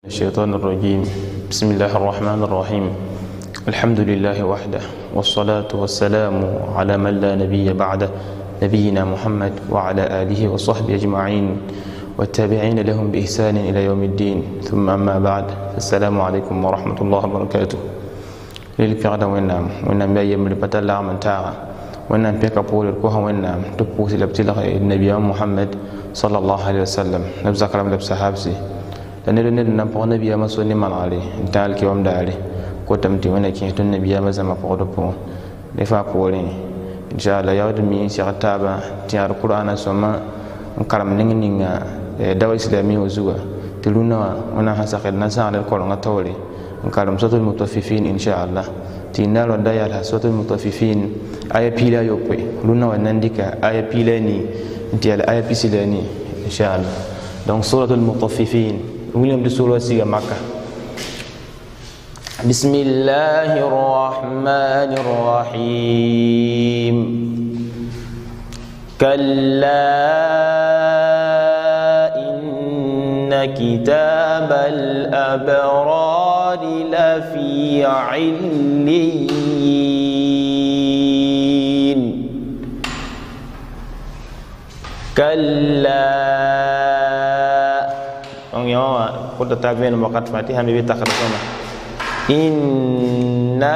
الشيطان الرجيم بسم الله الرحمن الرحيم الحمد لله وحده والصلاة والسلام على من لا نبي بعده نبينا محمد وعلى آله وصحبه أجمعين والتابعين لهم بإحسان إلى يوم الدين ثم أما بعد السلام عليكم ورحمة الله وبركاته للفعل وينام وينام بأيام لبتلا من تاغا وينام بيك أبول الكوها وينام تبوسي لبتلغ النبي محمد صلى الله عليه وسلم نبزك رمضة بسحابسي لأن النبي صلى الله عليه وسلم قال لي تعال كيوم داري كتم تمنى كي يهتم النبي صلى الله عليه وسلم لفا قولي إن شاء الله يا ودمي سيغتابا تيار القرآن سوما نكرم نينينا دوا إسلامي وزوا تلونا ونا حسقل نسا على القرآن تولي نكرم سوط المتوففين إن شاء الله تينا لو دايا سوط المتوففين آية بيلا يوبي لونا ونندك آية بيلاني تيال آية بيسلاني إن شاء الله دون سورة المطففين William disuruh siga Makkah Bismillahirrahmanirrahim Kalla inna kitab al-abrar lafi عليين كلا on yo ko ta ben waqt fatiha mi takhala sama inna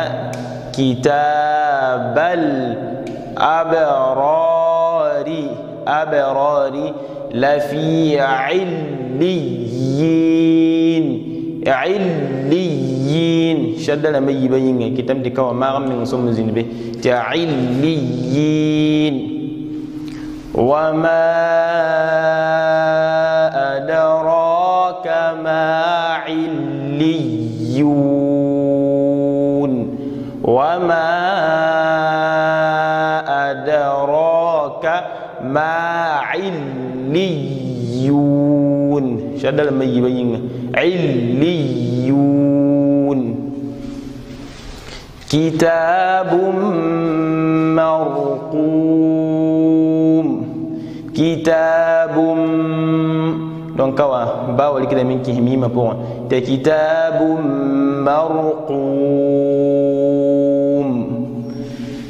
kitabal abrari abrari lafi عليين عليين شد لما يبين كتاب دي كوا ما من سوم زينبه تعليين وما يون وما أدراك ما عليون شد لما يبين عليون كتاب مرقوم كتاب دونك كوا باول كده منك هميمة بوان كتاب مرقوم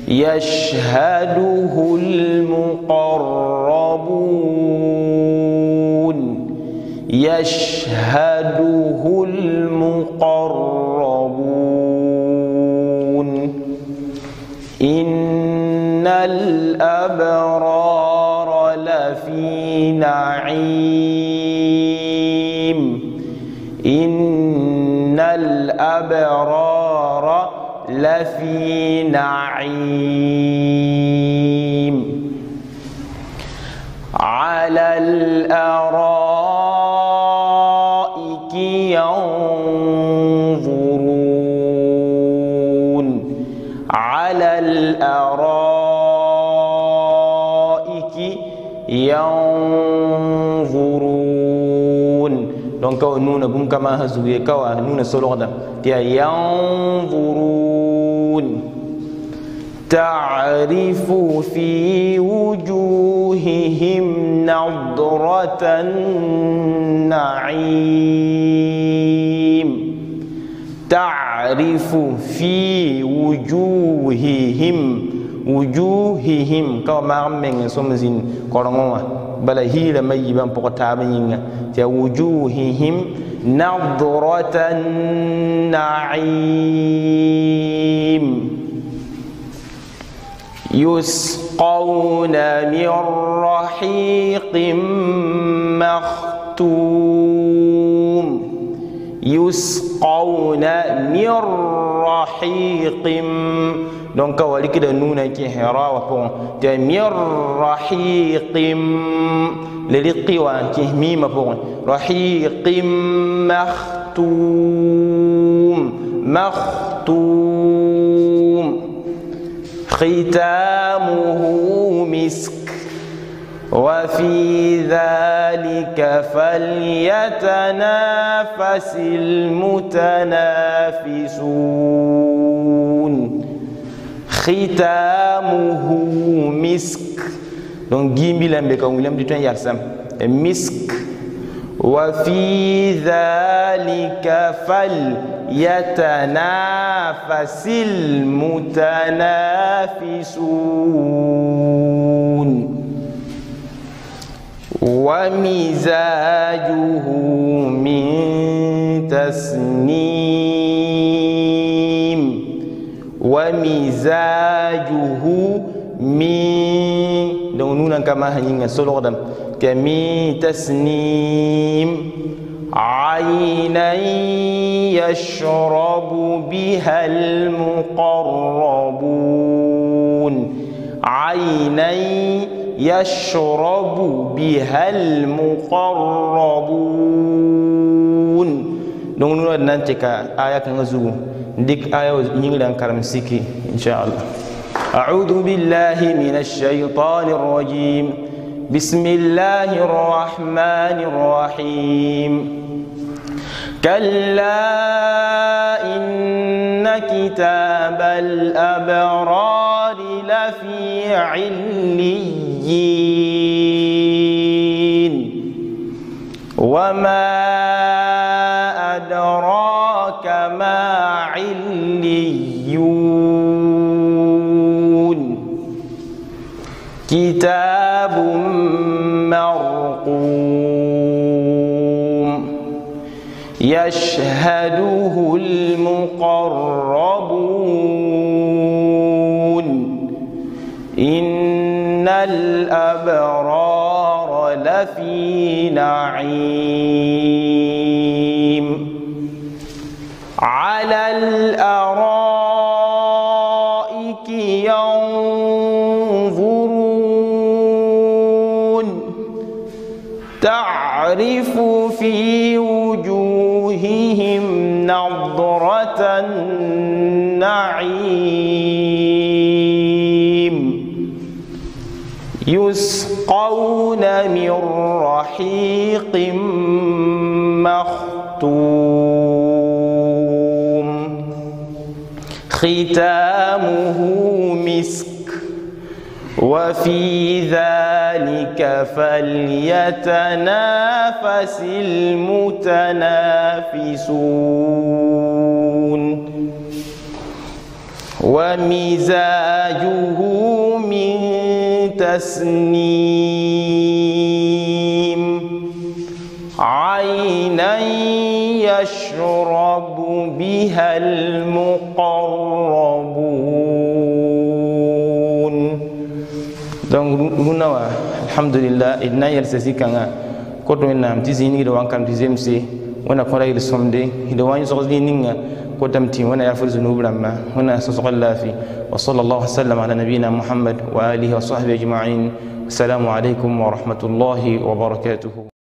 يشهده المقربون يشهده المقربون إن الأبرار لفي نعيم إن الأبرار لفي نعيم على الأرائك ينظرون على الأرائك ينظرون donc ka nuna bum kama ha zuye ka wa nuna sologda ya yanzurun تعرف في وجوههم نضرة النعيم تعرف في وجوههم وجوههم كما من سمزين قرنوا بل هيل ميبا بغتابين توجوههم نظرة النعيم يسقون من رحيق مختوم يسقون من رحيق دونك وليك نونا كي هرا وفو تمير رحيقم للقي وان كي ميم بون رحيق مختوم مختوم ختامه مسك وفي ذلك فليتنافس المتنافسون khitamuhu misk donc gimbi lambe ka wilam ditun yarsam misk wa fi dhalika fal yatanafasil mutanafisun ومزاجه من تسنيم ومزاجه من دون نون كما هنين دم كمي تسنيم عينا يشرب بها المقربون عينا يشرب بها المقربون دون نون نانتكا آية كنزوم ديك آية ينجل أنكرم سيكي إن شاء الله أعوذ بالله من الشيطان الرجيم بسم الله الرحمن الرحيم كلا إن كتاب الأبرار لفي عليين وما كتاب مرقوم يشهده المقربون إن الأبرار لفي نعيم على الأبرار تعرف في وجوههم نظرة النعيم يسقون من رحيق مختوم ختامه مسك وفي ذلك فليتنافس المتنافسون ومزاجه من تسنيم عينا يشرب بها المقربون donc rũnã wã alhamdulillah d na n yɛlsa zĩ-kãngã koto wẽnnaam tɩ zĩigd wãnkaam tɩ zemse wẽna kõ ra yel-sõmde d wa yõsg zĩ ninga kotame tɩ wẽna yaa fo zunub rãmbã wẽna sõsg n laafɩ wa sal allah wasalam ala nabiyina mohamad wa alihi wa sahbi ajmain assalamu alaikum wa rahmatullahi wa barakatuhu